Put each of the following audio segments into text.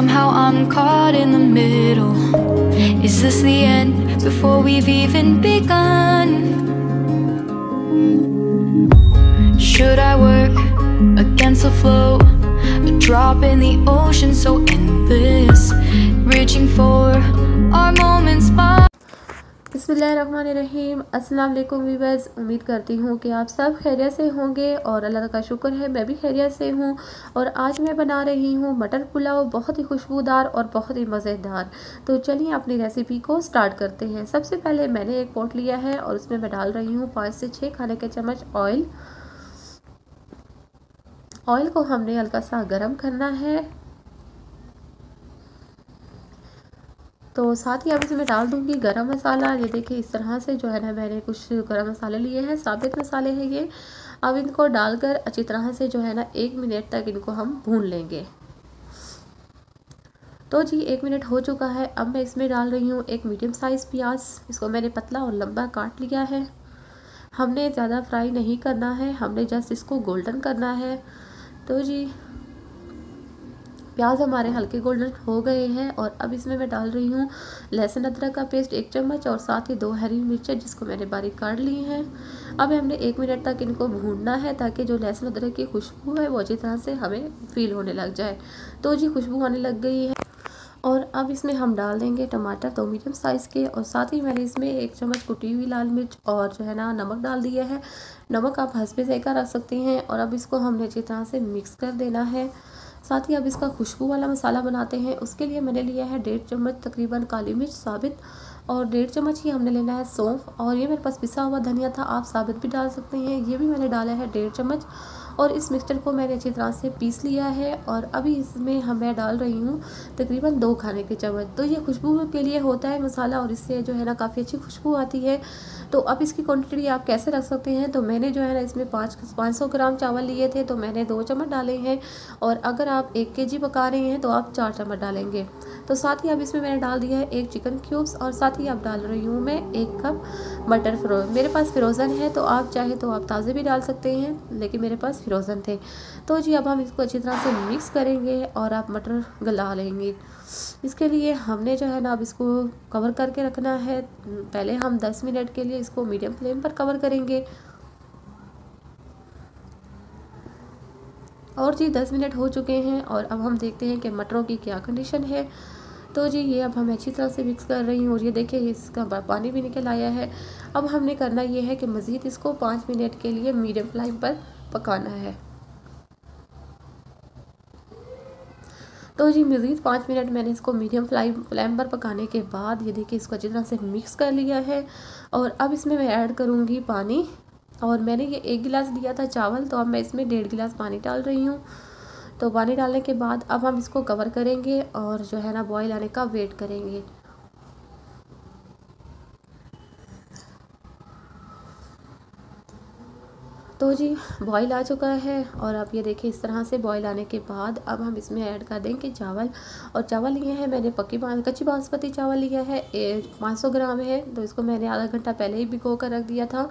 Somehow I'm caught in the middle. Is this the end before we've even begun? Should I work against the flow? A drop in the ocean so endless, reaching for our moments. बसमीम अस्सलाम वालेकुम viewers उम्मीद करती हूँ कि आप सब खैरियत से होंगे और अल्लाह का शुक्र है मैं भी खैरियत से हूँ और आज मैं बना रही हूँ मटर पुलाव बहुत ही खुशबूदार और बहुत ही मज़ेदार तो चलिए अपनी रेसिपी को स्टार्ट करते हैं सबसे पहले मैंने एक पोट लिया है और उसमें मैं डाल रही हूँ पाँच से छः खाने के चम्मच ऑयल ऑयल को हमने हल्का सा गर्म करना है तो साथ ही अब इसमें डाल दूंगी गरम मसाला ये देखिए इस तरह से जो है ना मैंने कुछ गरम मसाले लिए हैं साबित मसाले हैं ये अब इनको डालकर अच्छी तरह से जो है ना एक मिनट तक इनको हम भून लेंगे तो जी एक मिनट हो चुका है अब मैं इसमें डाल रही हूँ एक मीडियम साइज़ प्याज इसको मैंने पतला और लंबा काट लिया है हमने ज़्यादा फ्राई नहीं करना है हमने जस्ट इसको गोल्डन करना है तो जी प्याज हमारे हल्के गोल्डन हो गए हैं और अब इसमें मैं डाल रही हूँ लहसुन अदरक का पेस्ट एक चम्मच और साथ ही दो हरी मिर्चें जिसको मैंने बारीक काट ली हैं अब हमने एक मिनट तक इनको भूनना है ताकि जो लहसुन अदरक की खुशबू है वो अच्छी तरह से हमें फील होने लग जाए तो जी खुशबू आने लग गई है और अब इसमें हम डाल देंगे टमाटर दो मीडियम साइज़ के और साथ ही मैंने इसमें एक चम्मच कुटी हुई लाल मिर्च और जो है ना नमक डाल दिया है नमक आप हंस भी सहकर रख सकते हैं और अब इसको हमने अच्छी तरह से मिक्स कर देना है साथ ही अब इसका खुशबू वाला मसाला बनाते हैं उसके लिए मैंने लिया है डेढ़ चम्मच तकरीबन काली मिर्च साबित और डेढ़ चम्मच ही हमने लेना है सौंफ और ये मेरे पास पिसा हुआ धनिया था आप साबित भी डाल सकते हैं ये भी मैंने डाला है डेढ़ चम्मच और इस मिक्सचर को मैंने अच्छी तरह से पीस लिया है और अभी इसमें हम मैं डाल रही हूँ तकरीबन दो खाने के चम्मच तो ये खुशबू के लिए होता है मसाला और इससे जो है ना काफ़ी अच्छी खुशबू आती है तो अब इसकी क्वान्टिटी आप कैसे रख सकते हैं तो मैंने जो है ना इसमें पाँच पाँच सौ ग्राम चावल लिए थे तो मैंने दो चम्मच डाले हैं और अगर आप एक के जी पका रहे हैं तो आप चार चम्मच डालेंगे तो साथ ही अब इसमें मैंने डाल दिया है एक चिकन क्यूब्स और साथ ही अब डाल रही हूँ मैं एक कप मटर फ्रो मेरे पास फ्रोज़न है तो आप चाहे तो आप ताज़े भी डाल सकते हैं लेकिन मेरे पास फ्रोजन थे तो जी अब हम इसको अच्छी तरह से मिक्स करेंगे और आप मटर गला लेंगे इसके लिए हमने जो है ना अब इसको कवर करके रखना है पहले हम 10 मिनट के लिए इसको मीडियम फ्लेम पर कवर करेंगे और जी 10 मिनट हो चुके हैं और अब हम देखते हैं कि मटरों की क्या कंडीशन है तो जी ये अब हम अच्छी तरह से मिक्स कर रही हूँ और ये देखिए इसका पानी भी निकल आया है अब हमने करना ये है कि मज़ीद इसको पाँच मिनट के लिए मीडियम फ्लेम पर पकाना है तो जी मज़ीद पाँच मिनट मैंने इसको मीडियम फ्लाइम फ्लेम पर पकाने के बाद ये देखिए इसको अच्छी तरह से मिक्स कर लिया है और अब इसमें मैं ऐड करूँगी पानी और मैंने ये एक गिलास लिया था चावल तो अब मैं इसमें डेढ़ गिलास पानी डाल रही हूँ तो पानी डालने के बाद अब हम इसको कवर करेंगे और जो है ना बॉयल आने का वेट करेंगे तो जी बॉईल आ चुका है और आप ये देखिए इस तरह से बॉईल आने के बाद अब हम इसमें ऐड कर देंगे चावल और चावल लिए हैं मैंने पक्की कच्ची बासमती चावल लिया है पाँच सौ ग्राम है तो इसको मैंने आधा घंटा पहले ही भिगो कर रख दिया था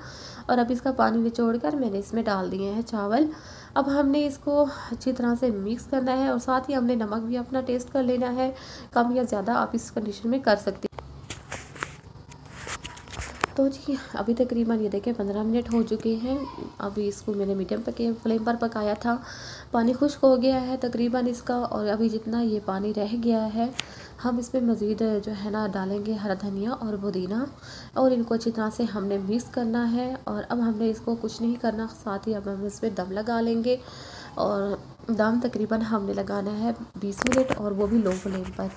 और अब इसका पानी निचोड़ कर मैंने इसमें डाल दिए हैं चावल अब हमने इसको अच्छी तरह से मिक्स करना है और साथ ही हमने नमक भी अपना टेस्ट कर लेना है कम या ज़्यादा आप इस कंडीशन में कर सकते तो जी अभी तकरीबन ये देखें पंद्रह मिनट हो चुके हैं अभी इसको मैंने मीडियम पके फ्लेम पर पकाया था पानी खुश्क हो गया है तकरीबन इसका और अभी जितना ये पानी रह गया है हम इसमें मज़ीद जो है ना डालेंगे हरा धनिया और पुदीना और इनको अच्छी तरह से हमने मिक्स करना है और अब हमने इसको कुछ नहीं करना साथ ही अब हम इसमें दम लगा लेंगे और दम तकरीबन हमने लगाना है बीस मिनट और वो भी लो फ्लेम पर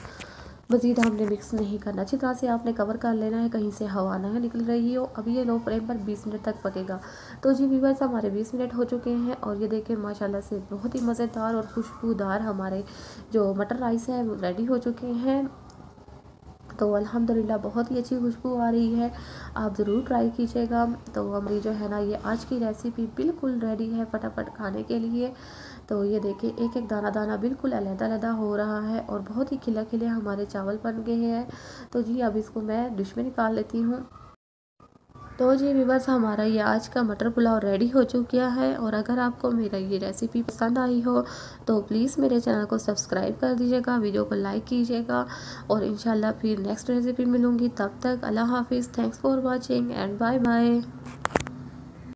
मज़ीद हमने मिक्स नहीं करना अच्छी तरह से आपने कवर कर लेना है कहीं से हवा ना निकल रही हो अब ये लो फ्लेम पर बीस मिनट तक पकेगा तो जी वीवर्स हमारे बीस मिनट हो चुके हैं और ये देखें माशाल्लाह से बहुत ही मज़ेदार और खुशबूदार हमारे जो मटर राइस है रेडी हो चुके हैं तो अल्हम्दुलिल्लाह बहुत ही अच्छी खुशबू आ रही है आप ज़रूर ट्राई कीजिएगा तो हमारी जो है ना ये आज की रेसिपी बिल्कुल रेडी है फटाफट खाने के लिए तो ये देखिए एक एक दाना दाना बिल्कुल अलहदा हो रहा है और बहुत ही खिला खिले हमारे चावल बन गए हैं तो जी अब इसको मैं डिश में निकाल लेती हूँ तो जी विवर्स हमारा ये आज का मटर पुलाव रेडी हो चुका है और अगर आपको मेरा ये रेसिपी पसंद आई हो तो प्लीज़ मेरे चैनल को सब्सक्राइब कर दीजिएगा वीडियो को लाइक कीजिएगा और इन फिर नेक्स्ट रेसिपी मिलूँगी तब तक अल्लाह हाफिज़ thanks for watching and bye bye